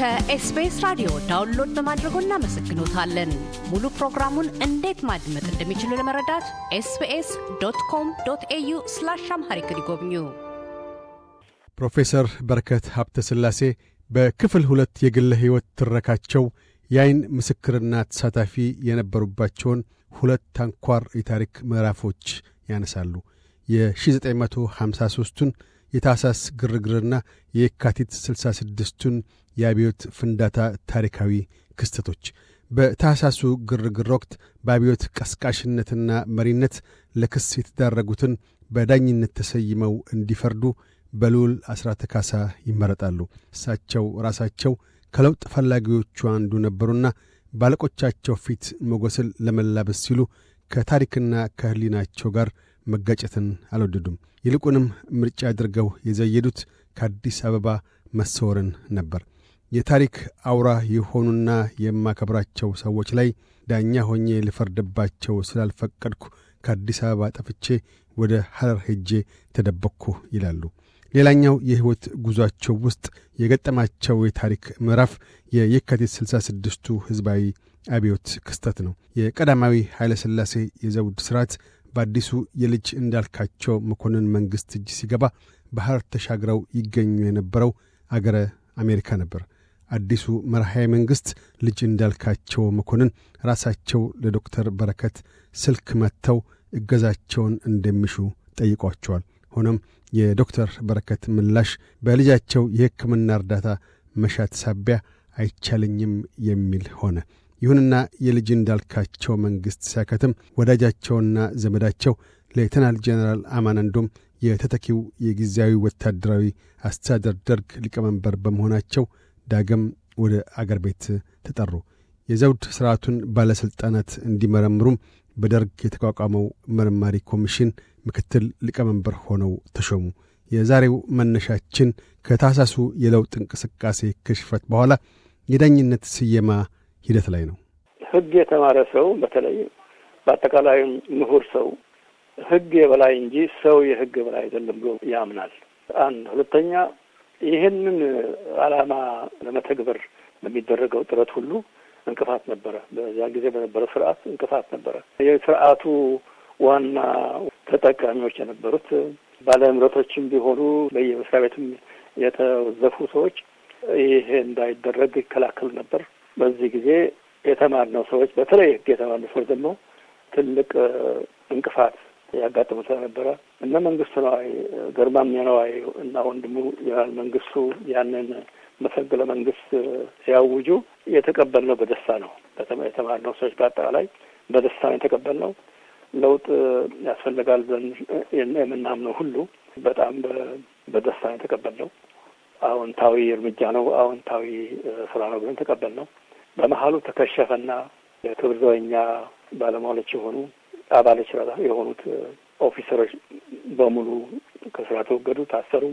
ከኤስቢኤስ ራዲዮ ዳውንሎድ በማድረጎ እናመሰግኖታለን። ሙሉ ፕሮግራሙን እንዴት ማድመጥ እንደሚችሉ ለመረዳት ኤስቢኤስ ዶት ኮም ዶት ኤዩ ስላሽ አምሃሪክ ይጎብኙ። ፕሮፌሰር በረከት ሀብተ ስላሴ በክፍል ሁለት የግለ ሕይወት ትረካቸው የአይን ምስክርና ተሳታፊ የነበሩባቸውን ሁለት ታንኳር የታሪክ ምዕራፎች ያነሳሉ። የ1953ቱን የታሳስ ግርግርና የካቲት 66 ስድስቱን የአብዮት ፍንዳታ ታሪካዊ ክስተቶች በታሳሱ ግርግር ወቅት በአብዮት ቀስቃሽነትና መሪነት ለክስ የተዳረጉትን በዳኝነት ተሰይመው እንዲፈርዱ በልዑል አስራተ ካሳ ይመረጣሉ። እሳቸው ራሳቸው ከለውጥ ፈላጊዎቹ አንዱ ነበሩና ባለቆቻቸው ፊት መጐስል ለመላበስ ሲሉ ከታሪክና ከህሊናቸው ጋር መጋጨትን አልወደዱም። ይልቁንም ምርጫ አድርገው የዘየዱት ከአዲስ አበባ መሰወርን ነበር። የታሪክ አውራ የሆኑና የማከብራቸው ሰዎች ላይ ዳኛ ሆኜ ልፈርድባቸው ስላልፈቀድኩ ከአዲስ አበባ ጠፍቼ ወደ ሐረር ሄጄ ተደበቅኩ ይላሉ። ሌላኛው የሕይወት ጉዟቸው ውስጥ የገጠማቸው የታሪክ ምዕራፍ የየካቲት 66 ስድስቱ ሕዝባዊ አብዮት ክስተት ነው። የቀዳማዊ ኃይለ ሥላሴ የዘውድ ሥርዓት በአዲሱ የልጅ እንዳልካቸው መኮንን መንግሥት እጅ ሲገባ ባህር ተሻግረው ይገኙ የነበረው አገረ አሜሪካ ነበር። አዲሱ መርሃዊ መንግሥት ልጅ እንዳልካቸው መኮንን ራሳቸው ለዶክተር በረከት ስልክ መጥተው እገዛቸውን እንደሚሹ ጠይቋቸዋል። ሆኖም የዶክተር በረከት ምላሽ በልጃቸው የሕክምና እርዳታ መሻት ሳቢያ አይቻለኝም የሚል ሆነ። ይሁንና የልጅ እንዳልካቸው መንግሥት ሲያከትም ወዳጃቸውና ዘመዳቸው ሌተናል ጀነራል አማናንዶም የተተኪው የጊዜያዊ ወታደራዊ አስተዳደር ደርግ ሊቀመንበር በመሆናቸው ዳግም ወደ አገር ቤት ተጠሩ። የዘውድ ሥርዓቱን ባለሥልጣናት እንዲመረምሩም በደርግ የተቋቋመው መርማሪ ኮሚሽን ምክትል ሊቀመንበር ሆነው ተሾሙ። የዛሬው መነሻችን ከታሳሱ የለውጥ እንቅስቃሴ ክሽፈት በኋላ የዳኝነት ስየማ ሂደት ላይ ነው። ህግ የተማረ ሰው በተለይ በአጠቃላይ ምሁር ሰው ህግ የበላይ እንጂ ሰው የህግ የበላይ አይደለም ብሎ ያምናል። አንድ ሁለተኛ፣ ይህንን አላማ ለመተግበር በሚደረገው ጥረት ሁሉ እንቅፋት ነበረ። በዛ ጊዜ በነበረው ስርዓት እንቅፋት ነበረ። የስርዓቱ ዋና ተጠቃሚዎች የነበሩት ባለንብረቶችም ቢሆኑ በየመስሪያ ቤትም የተወዘፉ ሰዎች ይሄ እንዳይደረግ ይከላከሉ ነበር። በዚህ ጊዜ የተማርነው ሰዎች በተለይ ህግ የተማርነ ሰዎች ደግሞ ትልቅ እንቅፋት ያጋጥሙ ስለነበረ እነ መንግስቱ ነዋይ ገርማም የነዋይ እና ወንድሙ ጀነራል መንግስቱ ያንን መፈንቅለ መንግስት ሲያውጁ የተቀበልነው በደስታ ነው። የተማርነው ሰዎች በአጠቃላይ በደስታ ነው የተቀበልነው። ለውጥ ያስፈልጋል ዘንድ የምናምነው ሁሉ በጣም በደስታ ነው የተቀበልነው። አዎንታዊ እርምጃ ነው፣ አዎንታዊ ስራ ነው ብለን ተቀበልነው። በመሀሉ ተከሸፈና የክብር ዘበኛ ባለሙያዎች የሆኑ አባሎች የሆኑት ኦፊሰሮች በሙሉ ከስራ ተወገዱ፣ ታሰሩ።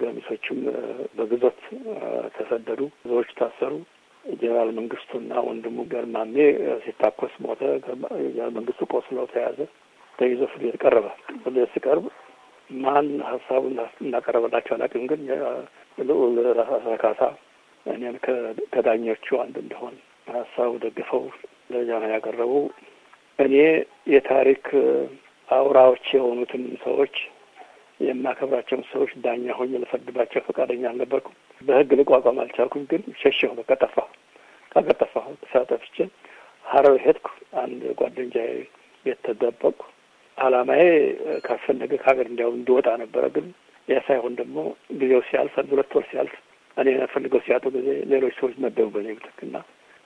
ገሚሶችም በግዞት ተሰደዱ፣ ብዙዎች ታሰሩ። ጀኔራል መንግስቱና ወንድሙ ገርማሜ ሲታኮስ ሞተ። ጀኔራል መንግስቱ ቆስሎ ተያዘ፣ ተይዞ ፍርድ ቤት ቀረበ። ፍርድ ቤት ሲቀርብ ማን ሀሳቡ እንዳቀረበላቸው አላውቅም፣ ግን ልዑል ካሳ እኔም ከዳኞቹ አንድ እንደሆን ሀሳቡ ደግፈው ደረጃ ነው ያቀረቡ። እኔ የታሪክ አውራዎች የሆኑትን ሰዎች የማከብራቸውን ሰዎች ዳኛ ሆኜ ልፈርድባቸው ፈቃደኛ አልነበርኩም። በህግ ልቋቋም አልቻልኩም። ግን ሸሸሁ፣ በቃ ጠፋሁ። ከጠፋሁ ሳጠፍቼ ሀረር ሄድኩ። አንድ ጓደኛዬ ቤት ተደበቅኩ። አላማዬ ካስፈለገ ከሀገር እንዲያው እንዲወጣ ነበረ። ግን ያ ሳይሆን ደግሞ ጊዜው ሲያልፍ አንድ ሁለት ወር ሲያልፍ እኔ ፈልገው ሲያጡ ጊዜ ሌሎች ሰዎች መደቡ በእኔ ምትክ እና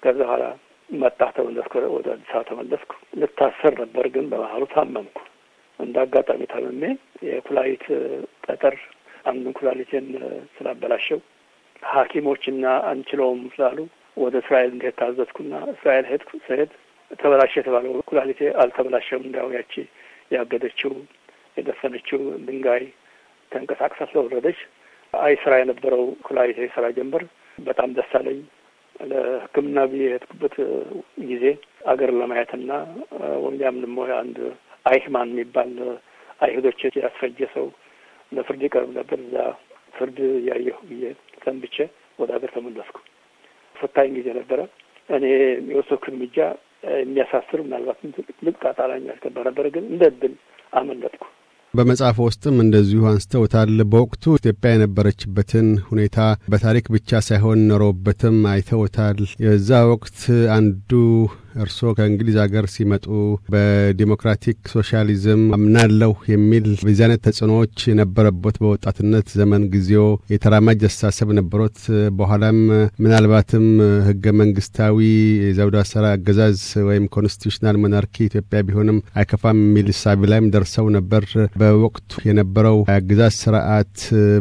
ከዛ በኋላ መጣ ተመለስኩ፣ ወደ አዲስ አበባ ተመለስኩ። ልታሰር ነበር ግን በባህሉ ታመምኩ። እንደ አጋጣሚ ታመሜ የኩላሊት ጠጠር አንዱን ኩላሊቴን ስላበላሸው ሐኪሞችና አንችለውም ስላሉ ወደ እስራኤል እንድሄድ ታዘዝኩና እስራኤል ሄድኩ። ስሄድ ተበላሸ የተባለው ኩላሊቴ አልተበላሸም። እንዲያው ያቺ ያገደችው የደፈነችው ድንጋይ ተንቀሳቅሳ ስለወረደች አይ ስራ የነበረው ኩላይ ስራ ጀምር በጣም ደስ አለኝ። ለሕክምና ብዬ የሄድኩበት ጊዜ አገር ለማየትና ወንጃም ደሞ አንድ አይህማን የሚባል አይሁዶች ያስፈጀ ሰው ለፍርድ ይቀርብ ነበር። እዛ ፍርድ ያየሁ ብዬ ሰንብቼ ወደ ሀገር ተመለስኩ። ፈታኝ ጊዜ ነበረ። እኔ የወሰድኩ እርምጃ የሚያሳስር ምናልባት ልቅ ጣጣ ያስገባ ነበር፣ ግን እንደ እድል አመለጥኩ። በመጽሐፍ ውስጥም እንደዚሁ አንስተውታል። በወቅቱ ኢትዮጵያ የነበረችበትን ሁኔታ በታሪክ ብቻ ሳይሆን ኖሮበትም አይተውታል። የዛ ወቅት አንዱ እርስዎ ከእንግሊዝ ሀገር ሲመጡ በዲሞክራቲክ ሶሻሊዝም አምናለሁ የሚል በዚህ አይነት ተጽዕኖዎች የነበረበት በወጣትነት ዘመን ጊዜው የተራማጅ አስተሳሰብ ነበሮት? በኋላም ምናልባትም ህገ መንግስታዊ የዘውዱ አሰራ አገዛዝ ወይም ኮንስቲቱሽናል ሞናርኪ ኢትዮጵያ ቢሆንም አይከፋም የሚል ሳቢ ላይም ደርሰው ነበር። በወቅቱ የነበረው አገዛዝ ስርዓት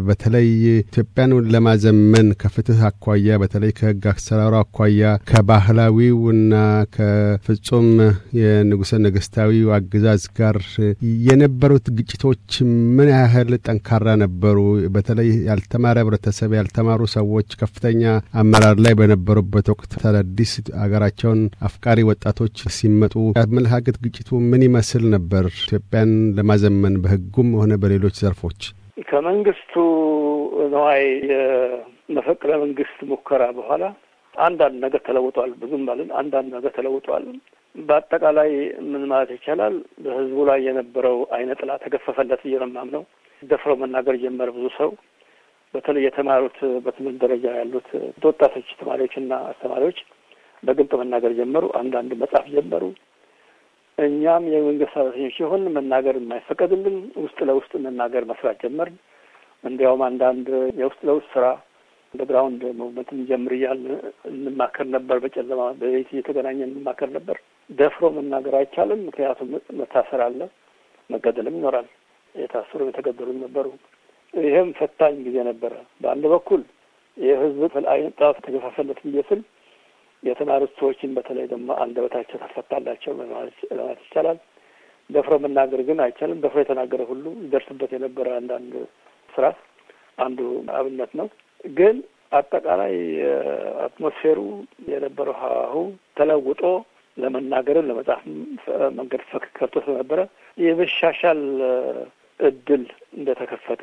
በተለይ ኢትዮጵያን ለማዘመን ከፍትህ አኳያ በተለይ ከህግ አሰራሩ አኳያ ከባህላዊውና ከ ከፍጹም የንጉሠ ነገሥታዊው አገዛዝ ጋር የነበሩት ግጭቶች ምን ያህል ጠንካራ ነበሩ? በተለይ ያልተማረ ህብረተሰብ፣ ያልተማሩ ሰዎች ከፍተኛ አመራር ላይ በነበሩበት ወቅት አዳዲስ አገራቸውን አፍቃሪ ወጣቶች ሲመጡ አመለካከት ግጭቱ ምን ይመስል ነበር? ኢትዮጵያን ለማዘመን በህጉም ሆነ በሌሎች ዘርፎች ከመንግስቱ ነዋይ የመፈቅረ መንግስት ሙከራ በኋላ አንዳንድ ነገር ተለውጧል። ብዙም ባልን አንዳንድ ነገር ተለውጧል። በአጠቃላይ ምን ማለት ይቻላል? በህዝቡ ላይ የነበረው አይነ ጥላ ተገፈፈለት ብዬ ነው የማምነው። ደፍረው መናገር ጀመረ ብዙ ሰው። በተለይ የተማሩት በትምህርት ደረጃ ያሉት ወጣቶች ተማሪዎችና አስተማሪዎች በግልጥ መናገር ጀመሩ። አንዳንድ መጽሐፍ ጀመሩ። እኛም የመንግስት ሰራተኞች ሲሆን መናገር የማይፈቀድልን ውስጥ ለውስጥ መናገር መስራት ጀመር እንዲያውም አንዳንድ የውስጥ ለውስጥ ስራ በግራውንድ መውመት እንጀምር እያል እንማከር ነበር። በጨለማ በቤት እየተገናኘ እንማከር ነበር። ደፍሮ መናገር አይቻልም። ምክንያቱም መታሰር አለ፣ መገደልም ይኖራል። የታሰሩም የተገደሉም ነበሩ። ይህም ፈታኝ ጊዜ ነበረ። በአንድ በኩል የህዝብ አይን ጣት ተገፋፈለት ብዬ ስል የተማሩት ሰዎችን በተለይ ደግሞ አንደበታቸው ተፈታላቸው ለማለት ይቻላል። ደፍሮ መናገር ግን አይቻልም። ደፍሮ የተናገረ ሁሉ ይደርስበት የነበረ አንዳንድ ስርዓት አንዱ አብነት ነው። ግን አጠቃላይ አትሞስፌሩ የነበረው ሀሁ ተለውጦ ለመናገርም ለመጽሐፍ መንገድ ከብቶ ስለነበረ የመሻሻል እድል እንደተከፈተ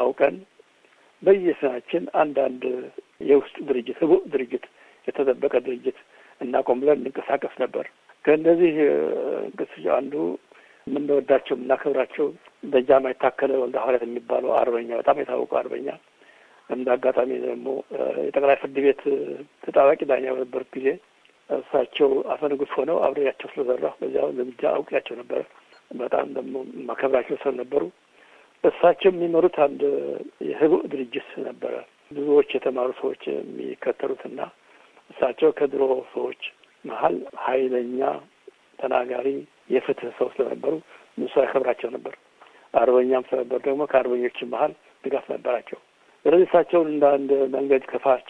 አውቀን በየስናችን አንዳንድ የውስጥ ድርጅት ህቡዕ ድርጅት የተጠበቀ ድርጅት እናቆም ብለን እንንቀሳቀስ ነበር። ከእነዚህ እንቅስቃሴ አንዱ የምንወዳቸው የምናከብራቸው በጃማ የታከለ ወልደ ሐዋርያት የሚባለው አርበኛ በጣም የታወቀ አርበኛ እንደ አጋጣሚ ደግሞ የጠቅላይ ፍርድ ቤት ተጣባቂ ዳኛ በነበሩት ጊዜ እሳቸው አፈንጉስ ሆነው አብሬያቸው ስለሰራሁ በዚያ እርምጃ አውቅያቸው ነበረ። በጣም ደግሞ ማከብራቸው ስለነበሩ እሳቸው የሚመሩት አንድ የህቡዕ ድርጅት ነበረ። ብዙዎች የተማሩ ሰዎች የሚከተሉትና እሳቸው ከድሮ ሰዎች መሀል ኃይለኛ ተናጋሪ የፍትህ ሰው ስለነበሩ ንሱ ያከብራቸው ነበር። አርበኛም ስለነበሩ ደግሞ ከአርበኞች መሀል ድጋፍ ነበራቸው። ስለዚህ እሳቸውን እንደ አንድ መንገድ ከፋች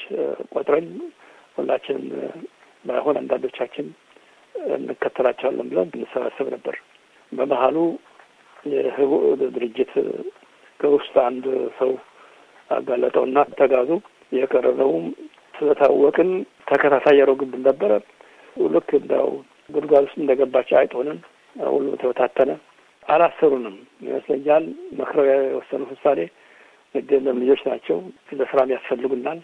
ቆጥረን ሁላችንም ባይሆን አንዳንዶቻችን እንከተላቸዋለን ብለን እንሰባሰብ ነበር። በመሀሉ የህቡ ድርጅት ከውስጥ አንድ ሰው አጋለጠውና ተጋዙ የቀረበውም ስለታወቅን ተከታታይ ያደረጉብን ነበረ። ልክ እንዳው ጉድጓድ ውስጥ እንደገባች አይጥ ሁሉ ተበታተነ። አላሰሩንም ይመስለኛል መክረው የወሰኑ ውሳኔ የገለም ልጆች ናቸው፣ ለስራም ያስፈልጉናል፣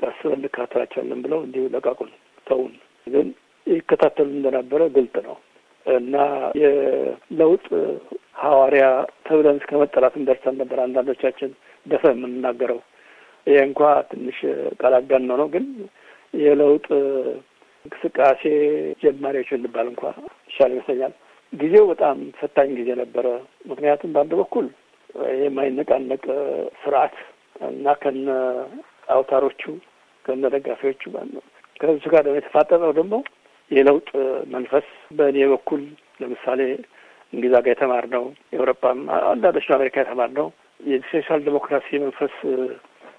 ቀስ እንካተላቸዋለን ብለው እንዲሁ ለቃቁን ተውን። ግን ይከታተሉ እንደነበረ ግልጥ ነው እና የለውጥ ሐዋርያ ተብለን እስከ መጠላትን ደርሰን ነበር። አንዳንዶቻችን ደፈ የምንናገረው ይሄ እንኳ ትንሽ ቃል ነው ነው። ግን የለውጥ እንቅስቃሴ ጀማሪዎች እንባል እንኳ ይሻል ይመስለኛል። ጊዜው በጣም ፈታኝ ጊዜ ነበረ። ምክንያቱም በአንድ በኩል የማይነቃነቅ ስርዓት እና ከነ አውታሮቹ ከነ ደጋፊዎቹ ነው። ከህዝብ ጋር ደግሞ የተፋጠጠው ደግሞ የለውጥ መንፈስ በእኔ በኩል ለምሳሌ ጋር የተማር ነው የአውሮፓም አንዳንዶች አሜሪካ ነው የሶሻል ዲሞክራሲ መንፈስ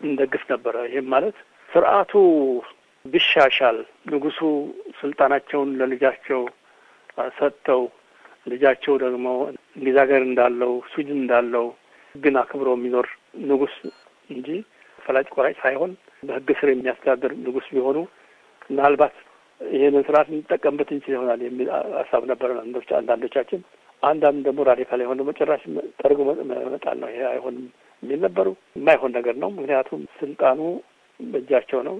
እንደግፍ ነበረ። ይህም ማለት ስርዓቱ ቢሻሻል ንጉሱ ስልጣናቸውን ለልጃቸው ሰጥተው ልጃቸው ደግሞ እንግሊዝ ሀገር እንዳለው ስዊድን እንዳለው ሕግን አክብሮ የሚኖር ንጉስ እንጂ ፈላጭ ቆራጭ ሳይሆን በህግ ስር የሚያስተዳድር ንጉስ ቢሆኑ ምናልባት ይህንን ስርዓት እንጠቀምበት እንችል ይሆናል የሚል ሀሳብ ነበረ አንዳንዶቻችን። አንዳንድ ደግሞ ራዲካል የሆነ መጨራሽ ጠርጎ መጣል ነው፣ ይሄ አይሆንም የሚል ነበሩ። የማይሆን ነገር ነው። ምክንያቱም ስልጣኑ በእጃቸው ነው።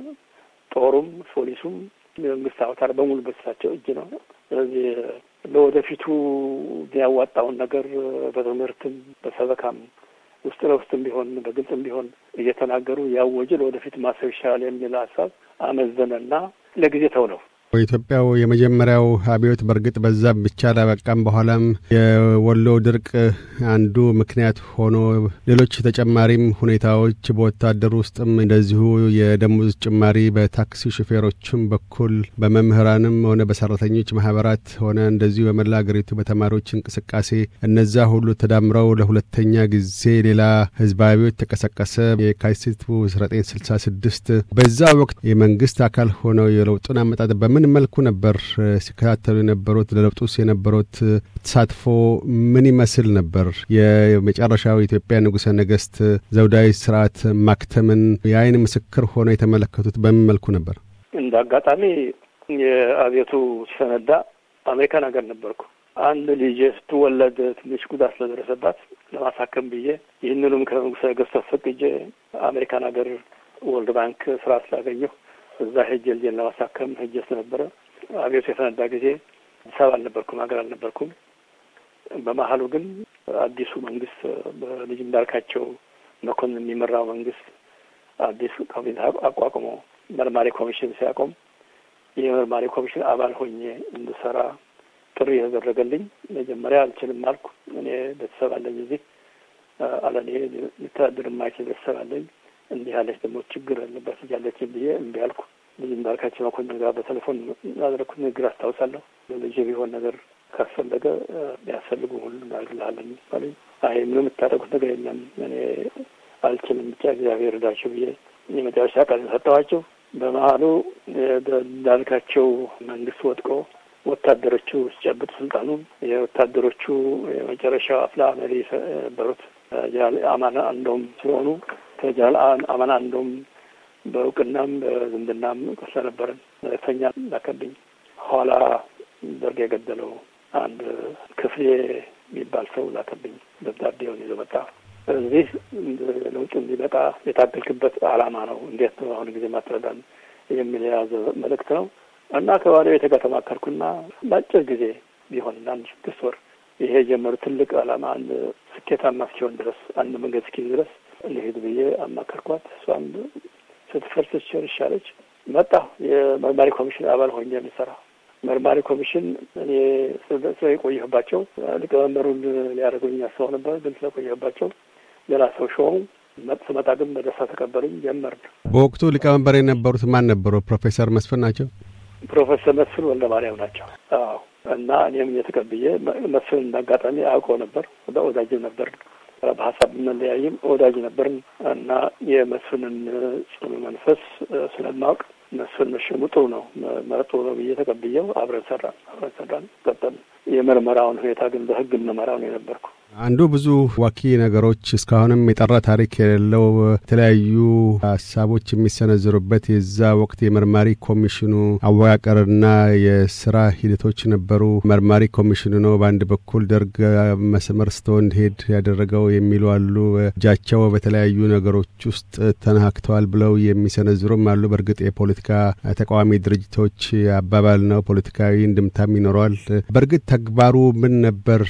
ጦሩም፣ ፖሊሱም፣ መንግስት አውታር በሙሉ በሳቸው እጅ ነው። ስለዚህ ለወደፊቱ የሚያዋጣውን ነገር በትምህርትም በሰበካም ውስጥ ለውስጥም ቢሆን በግልጽም ቢሆን እየተናገሩ ያወጀ ለወደፊት ማሰብ ይሻላል የሚል ሀሳብ አመዘነና ለጊዜ ተው ነው በኢትዮጵያው የመጀመሪያው አብዮት በእርግጥ በዛ ብቻ ላበቃም በኋላም የወሎ ድርቅ አንዱ ምክንያት ሆኖ ሌሎች ተጨማሪም ሁኔታዎች በወታደር ውስጥም እንደዚሁ የደሞዝ ጭማሪ በታክሲ ሹፌሮችም በኩል በመምህራንም ሆነ በሰራተኞች ማህበራት ሆነ እንደዚሁ በመላ አገሪቱ በተማሪዎች እንቅስቃሴ እነዛ ሁሉ ተዳምረው ለሁለተኛ ጊዜ ሌላ ህዝባዊ አብዮት ተቀሰቀሰ። የካቲት 1966 በዛ ወቅት የመንግስት አካል ሆነው የለውጡን አመጣጥ በምን በምን መልኩ ነበር ሲከታተሉ የነበሩት? ለለውጡስ የነበሩት ተሳትፎ ምን ይመስል ነበር? የመጨረሻው ኢትዮጵያ ንጉሠ ነገሥት ዘውዳዊ ስርዓት ማክተምን የአይን ምስክር ሆነው የተመለከቱት በምን መልኩ ነበር? እንደ አጋጣሚ የአብዮቱ ሲፈነዳ አሜሪካን ሀገር ነበርኩ። አንድ ልጅ ስትወለድ ትንሽ ጉዳት ስለደረሰባት ለማሳከም ብዬ ይህንኑም ከንጉሠ ነገሥት አስፈቅጄ አሜሪካን ሀገር ወርልድ ባንክ ስራ ስላገኘሁ እዛ ሄጄ ልጄን ለማሳከም ሄጄ ስለነበረ አብዮቱ የተነዳ ጊዜ አዲስ አበባ አልነበርኩም፣ ሀገር አልነበርኩም። በመሀሉ ግን አዲሱ መንግስት በልጅ እንዳልካቸው መኮንን የሚመራው መንግስት አዲሱ ኮሚቴ አቋቁሞ መርማሪ ኮሚሽን ሲያቆም የመርማሪ ኮሚሽን አባል ሆኜ እንድሰራ ጥሪ የተደረገልኝ። መጀመሪያ አልችልም አልኩ። እኔ ቤተሰብ አለኝ እዚህ አለኔ ሊተዳደር የማይችል ቤተሰብ አለኝ። እንዲህ ያለች ደግሞ ችግር አለባት እያለች ብዬ እምቢ አልኩ። ልጅ ካቸው መኮንን ጋር በቴሌፎን ያደረግኩት ንግግር አስታውሳለሁ። ለልጅ ቢሆን ነገር ካስፈለገ ቢያስፈልጉ ሁሉ እናደርግልሃለን ምሳሌ አይ ምንም የምታደርጉት ነገር የለም እኔ አልችልም፣ ብቻ እግዚአብሔር እርዳችሁ ብዬ የመጨረሻ ቃል ሰጠኋቸው። በመሀሉ እንዳልካቸው መንግስት ወድቆ ወታደሮቹ ሲጨብጥ ስልጣኑ የወታደሮቹ የመጨረሻው አፍላ መሪ የነበሩት አማና እንደውም ስለሆኑ ተጃል አመና እንደውም በእውቅናም በዝምድናም ስለነበረን መልእክተኛ ላከብኝ። ኋላ ደርግ የገደለው አንድ ክፍሌ የሚባል ሰው ላከብኝ። ደብዳቤውን ይዞ መጣ። እዚህ ለውጡ እንዲመጣ የታገልክበት አላማ ነው፣ እንዴት ነው አሁን ጊዜ ማትረዳን የሚል የያዘ መልእክት ነው እና ከባለቤቴ ጋር ተማከርኩና በአጭር ጊዜ ቢሆን ለአንድ ስድስት ወር ይሄ የጀመሩ ትልቅ አላማ አንድ ስኬታማ እስኪሆን ድረስ አንድ መንገድ እስኪይዝ ድረስ ልሂድ ብዬ አማከርኳት። እሷም ስትፈርስ ቸርሽ አለች። መጣሁ። የመርማሪ ኮሚሽን አባል ሆኜ የምሰራ መርማሪ ኮሚሽን እኔ ስለቆየሁባቸው ሊቀመንበሩን ሊያደርጉኝ ያሰው ነበር፣ ግን ስለቆየሁባቸው ሌላ ሰው ሾሙ። ስመጣ ግን በደስታ ተቀበሉኝ። ጀመርን። በወቅቱ ሊቀመንበር የነበሩት ማን ነበሩ? ፕሮፌሰር መስፍን ናቸው። ፕሮፌሰር መስፍን ወልደ ማርያም ናቸው። አዎ። እና እኔም የተቀብዬ መስፍን እንዳጋጣሚ አውቀው ነበር፣ ወዳጅም ነበር። በሀሳብ መለያይም ወዳጅ ነበርን እና የመስፍንን ጽኑ መንፈስ ስለማውቅ መስፍን መሸሙ ጥሩ ነው መጥሩ ነው ብዬ ተቀብየው አብረን ሰራን አብረን ሰራን ቀጠል የምርመራውን ሁኔታ ግን በህግ ምርመራውን የነበርኩ አንዱ ብዙ ዋኪ ነገሮች እስካሁንም የጠራ ታሪክ የሌለው የተለያዩ ሀሳቦች የሚሰነዝሩበት የዛ ወቅት የመርማሪ ኮሚሽኑ አወቃቀርና የስራ ሂደቶች ነበሩ። መርማሪ ኮሚሽኑ ነው በአንድ በኩል ደርግ መስመር ስቶ እንዲሄድ ያደረገው የሚሉ አሉ። እጃቸው በተለያዩ ነገሮች ውስጥ ተነካክተዋል ብለው የሚሰነዝሩም አሉ። በእርግጥ የፖለቲካ ተቃዋሚ ድርጅቶች አባባል ነው፣ ፖለቲካዊ እንድምታም ይኖረዋል። በእርግጥ ተግባሩ ምን ነበር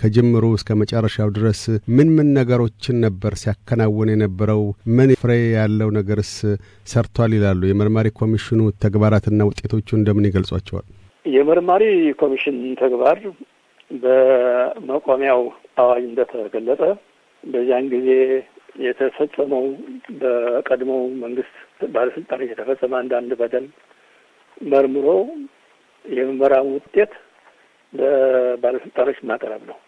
ከጅምሩ እስከ እስከ መጨረሻው ድረስ ምን ምን ነገሮችን ነበር ሲያከናውን የነበረው? ምን ፍሬ ያለው ነገርስ ሰርቷል ይላሉ? የመርማሪ ኮሚሽኑ ተግባራትና ውጤቶቹ እንደምን ይገልጿቸዋል? የመርማሪ ኮሚሽን ተግባር በመቆሚያው አዋጅ እንደተገለጠ በዚያን ጊዜ የተፈጸመው በቀድሞ መንግስት ባለስልጣኖች የተፈጸመ አንዳንድ በደል መርምሮ የምርመራ ውጤት ለባለስልጣኖች ማቅረብ ነው።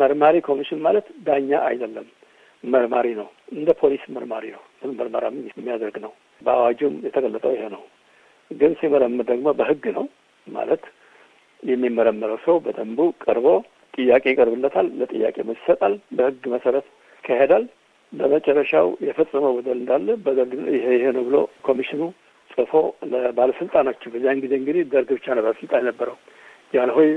መርማሪ ኮሚሽን ማለት ዳኛ አይደለም፣ መርማሪ ነው። እንደ ፖሊስ መርማሪ ነው፣ ምርመራ የሚያደርግ ነው። በአዋጁም የተገለጠው ይሄ ነው። ግን ሲመረምር ደግሞ በህግ ነው ማለት የሚመረመረው ሰው በደንቡ ቀርቦ ጥያቄ ይቀርብለታል፣ ለጥያቄ ይሰጣል፣ በህግ መሰረት ከሄዳል በመጨረሻው የፈጸመው በደል እንዳለ በደል ይሄ ይሄ ነው ብሎ ኮሚሽኑ ጽፎ ለባለስልጣናቸው በዚያን ጊዜ እንግዲህ ደርግ ብቻ ነው ባለስልጣን የነበረው ጃንሆይ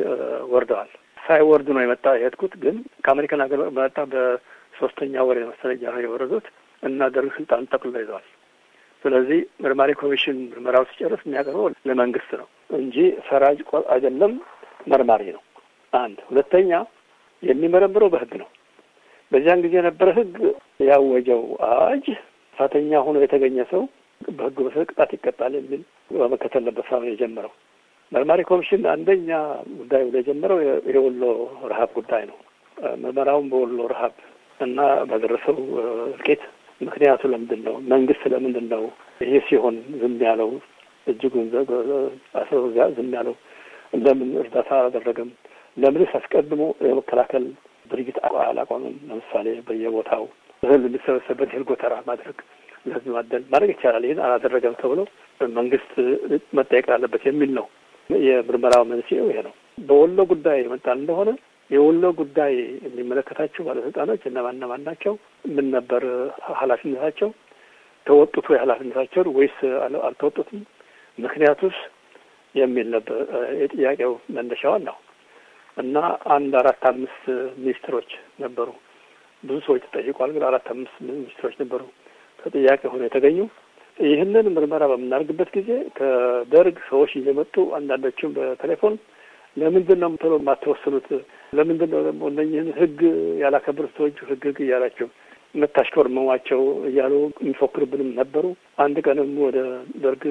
ወርደዋል። ሳይወርድ ነው የመጣ የሄድኩት ግን ከአሜሪካን ሀገር በመጣ በሶስተኛ ወር የመሰለኝ ነው የወረዱት እና ደርግ ስልጣን ጠቅሎ ይዘዋል። ስለዚህ ምርማሪ ኮሚሽን ምርመራው ሲጨርስ የሚያቀርበው ለመንግስት ነው እንጂ ፈራጅ አይደለም፣ መርማሪ ነው። አንድ ሁለተኛ የሚመረምረው በህግ ነው። በዚያን ጊዜ የነበረ ህግ ያወጀው አዋጅ ጥፋተኛ ሆኖ የተገኘ ሰው በህጉ መሰረት ቅጣት ይቀጣል የሚል በመከተል ነበር ስራ የጀመረው። መርማሪ ኮሚሽን አንደኛ ጉዳይ ወደ ጀመረው የወሎ ረሀብ ጉዳይ ነው። ምርመራውን በወሎ ረሀብ እና በደረሰው እልቂት ምክንያቱ ለምንድን ነው? መንግስት ለምንድን ነው ይህ ሲሆን ዝም ያለው? እጅጉን አስረው ዝም ያለው ለምን እርዳታ አላደረገም? ለምንስ አስቀድሞ የመከላከል ድርጊት አላቆምም? ለምሳሌ በየቦታው እህል የሚሰበሰብበት እህል ጎተራ ማድረግ፣ ለህዝብ ማደል ማድረግ ይቻላል። ይህን አላደረገም ተብሎ መንግስት መጠየቅ አለበት የሚል ነው። የምርመራው መንስኤው ይሄ ነው። በወሎ ጉዳይ የመጣ እንደሆነ የወሎ ጉዳይ የሚመለከታቸው ባለስልጣኖች እነማን እነማን ናቸው? ምን ነበር ኃላፊነታቸው? ተወጡት ወይ ኃላፊነታቸውን ወይስ አልተወጡትም? ምክንያቱስ የሚል ነበር የጥያቄው መነሻዋን ነው። እና አንድ አራት አምስት ሚኒስትሮች ነበሩ። ብዙ ሰዎች ተጠይቋል፣ ግን አራት አምስት ሚኒስትሮች ነበሩ ከጥያቄ ሆነ የተገኙ ይህንን ምርመራ በምናደርግበት ጊዜ ከደርግ ሰዎች እየመጡ አንዳንዶችም በቴሌፎን ለምንድን ነው ቶሎ የማትወስኑት? ለምንድን ነው ደግሞ እነኝህን ህግ ያላከብር ሰዎች ህግ ህግ እያላቸው የምታሽኮርመሟቸው እያሉ የሚፎክርብንም ነበሩ። አንድ ቀንም ወደ ደርግ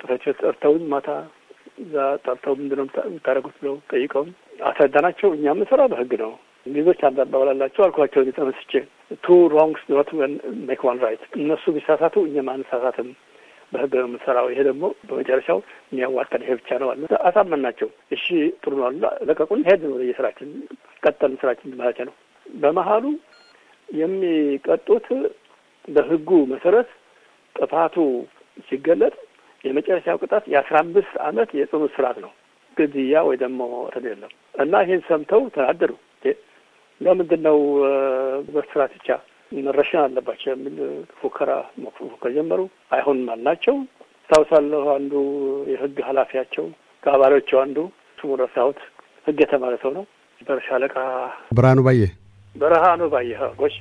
ጽሕፈት ቤት ጠርተውን ማታ እዛ ጠርተው ምንድን ነው የምታደርጉት ብለው ጠይቀውን አስረዳናቸው። እኛ የምንሰራው በህግ ነው፣ እንግሊዞች አንዳባባላላቸው አልኳቸው ተመስቼ ቱ ሮንግስ ኖት ሜክ ዋን ራይት እነሱ ቢሳሳቱ እኛም አንሳሳትም በህግ ነው የምንሰራው። ይሄ ደግሞ በመጨረሻው የሚያዋጣን ይሄ ብቻ ነው አለ። አሳመን ናቸው። እሺ ጥሩ ነው አሉ። ለቀቁን፣ ሄድ ነው የስራችን ቀጠልን ስራችን ማለት ነው። በመሀሉ የሚቀጡት በህጉ መሰረት ጥፋቱ ሲገለጥ የመጨረሻው ቅጣት የአስራ አምስት አመት የጽኑ እስራት ነው። ግድያ ወይ ደግሞ የለም እና ይህን ሰምተው ተናደሩ። ለምንድን ነው በስራት ብቻ መረሸን አለባቸው የሚል ፉከራ መፎከር ጀመሩ። አይሆንም አልናቸው። ታውሳለሁ አንዱ የህግ ኃላፊያቸው ከአባሪዎቸው አንዱ ስሙ ረሳሁት፣ ህግ የተማረ ሰው ነው። ሻለቃ ብርሃኑ ባየ ብርሃኑ ባየ ጎች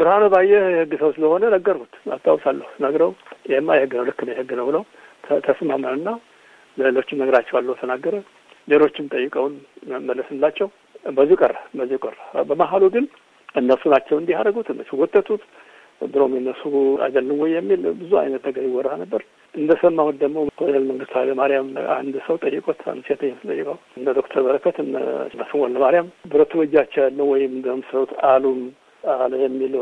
ብርሃኑ ባየ የህግ ሰው ስለሆነ ነገርኩት። አስታውሳለሁ ነግረው ይህማ የህግ ነው ልክ ነው የህግ ነው ብለው ተስማማንና ለሌሎችም ነግራቸዋለሁ ተናገረ። ሌሎችም ጠይቀውን መለስንላቸው በዚሁ ቀረ፣ በዚሁ ቀረ። በመሀሉ ግን እነሱ ናቸው እንዲህ ያደረጉት፣ እነሱ ወተቱት፣ ድሮም የነሱ አይደለም ወይ የሚል ብዙ አይነት ነገር ይወራ ነበር። እንደሰማሁት ደግሞ ኮሎኔል መንግስቱ ኃይለ ማርያም አንድ ሰው ጠይቆት፣ አንድ ሴት ጠይቀው እነ ዶክተር በረከት እነ ስሞን ማርያም ብረቱ በእጃቸው ያለው ወይም እንደምሰሩት አሉም አለ የሚል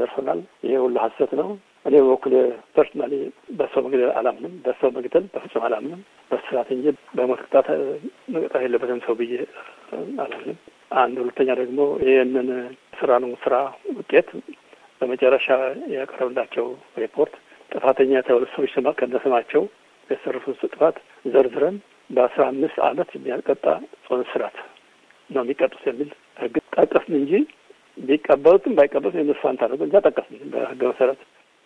ደርሶናል። ይሄ ሁሉ ሀሰት ነው። እኔ በበኩል ፐርሰናሊ በሰው መግደል አላምንም። በሰው መግደል በፍጹም አላምንም። በስራት እንጂ በሞት ቅጣት መቅጣት የለበትም ሰው ብዬ አላምንም። አንድ ሁለተኛ ደግሞ ይህንን ስራ ነው ስራ ውጤት በመጨረሻ ያቀረብላቸው ሪፖርት ጥፋተኛ የተባሉ ሰዎች ስማ ከነስማቸው የሰሩትን ጥፋት ዘርዝረን በአስራ አምስት አመት የሚያቀጣ ጽኑ እስራት ነው የሚቀጡት የሚል ህግ ጠቀስን እንጂ ቢቀበሉትም ባይቀበሉትም የነሱ ፋንታ ነው። እዛ ጠቀስን በህገ መሰረት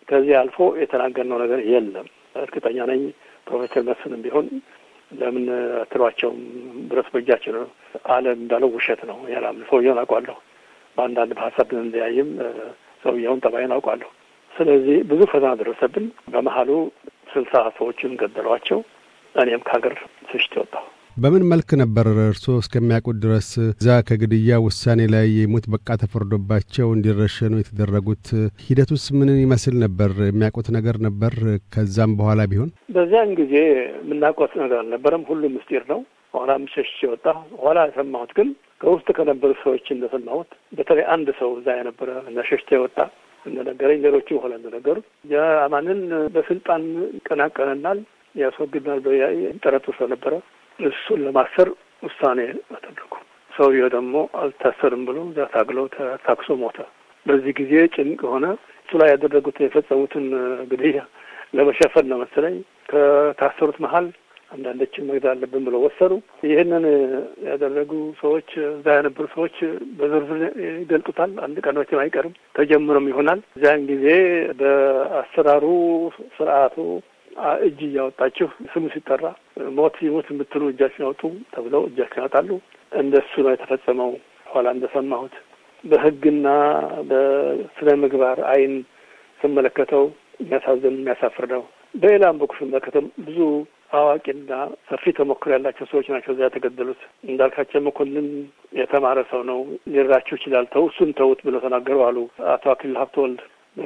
ከዚህ አልፎ የተናገርነው ነገር የለም። እርግጠኛ ነኝ ፕሮፌሰር መስፍንም ቢሆን ለምን አትሏቸውም ብረት በእጃችን ነው አለ እንዳለው ውሸት ነው። ያላም ሰውየውን አውቋለሁ። በአንዳንድ በሀሳብ ብንለያይም ሰውየውን ጠባይን አውቋለሁ። ስለዚህ ብዙ ፈተና ደረሰብን። በመሀሉ ስልሳ ሰዎችን ገደሏቸው። እኔም ከሀገር ስሽት ወጣሁ። በምን መልክ ነበር እርስዎ እስከሚያውቁት ድረስ እዛ ከግድያ ውሳኔ ላይ የሞት በቃ ተፈርዶባቸው እንዲረሸኑ የተደረጉት? ሂደቱስ ምን ይመስል ነበር? የሚያውቁት ነገር ነበር? ከዛም በኋላ ቢሆን በዚያን ጊዜ የምናውቀት ነገር አልነበረም። ሁሉ ምስጢር ነው። ኋላ ምሸሽ ወጣ። ኋላ የሰማሁት ግን ከውስጥ ከነበሩ ሰዎች እንደሰማሁት፣ በተለይ አንድ ሰው እዛ የነበረ ነሸሽተ ወጣ እንደነገረኝ፣ ሌሎቹ ኋላ እንደነገሩ የአማንን በስልጣን ይቀናቀነናል ያስወግድናል በያ ስለነበረ እሱን ለማሰር ውሳኔ አደረጉ። ሰውየው ደግሞ አልታሰርም ብሎ እዛ ታግሎ ታክሶ ሞተ። በዚህ ጊዜ ጭንቅ ሆነ። እሱ ላይ ያደረጉት የፈጸሙትን ግድያ ለመሸፈን ነው መሰለኝ ከታሰሩት መሀል አንዳንዶችን መግዛ አለብን ብለው ወሰኑ። ይህንን ያደረጉ ሰዎች እዛ የነበሩ ሰዎች በዝርዝር ይገልጡታል። አንድ ቀን አይቀርም ተጀምሮም ይሆናል። እዚያን ጊዜ በአሰራሩ ስርዓቱ እጅ እያወጣችሁ ስሙ ሲጠራ ሞት ይሙት የምትሉ እጃችን ያወጡ ተብለው እጃችን ያወጣሉ። እንደሱ ነው የተፈጸመው። ኋላ እንደሰማሁት በህግና በስነ ምግባር አይን ስመለከተው የሚያሳዝን የሚያሳፍር ነው። በሌላም በኩል ስመለከተው ብዙ አዋቂና ሰፊ ተሞክሮ ያላቸው ሰዎች ናቸው እዚያ የተገደሉት። እንዳልካቸው መኮንን የተማረ ሰው ነው፣ ሊራችሁ ይችላል፣ ተው እሱን ተውት ብለው ተናገሩ አሉ አቶ አክሊሉ ሀብተወልድ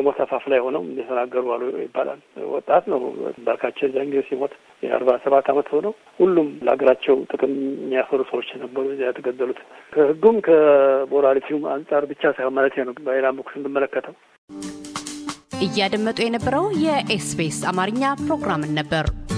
ሞት አፋፍ ላይ ሆነው እንደተናገሩ አሉ ይባላል። ወጣት ነው ባልካችን ዛን ጊዜ ሲሞት የአርባ ሰባት አመት ሆነው ሁሉም ለሀገራቸው ጥቅም የሚያፈሩ ሰዎች ነበሩ እዚያ የተገደሉት። ከህጉም ከሞራሊቲውም አንጻር ብቻ ሳይሆን ማለት ነው። በሌላ በኩል ስንመለከተው እያደመጡ የነበረው የኤስቢኤስ አማርኛ ፕሮግራምን ነበር።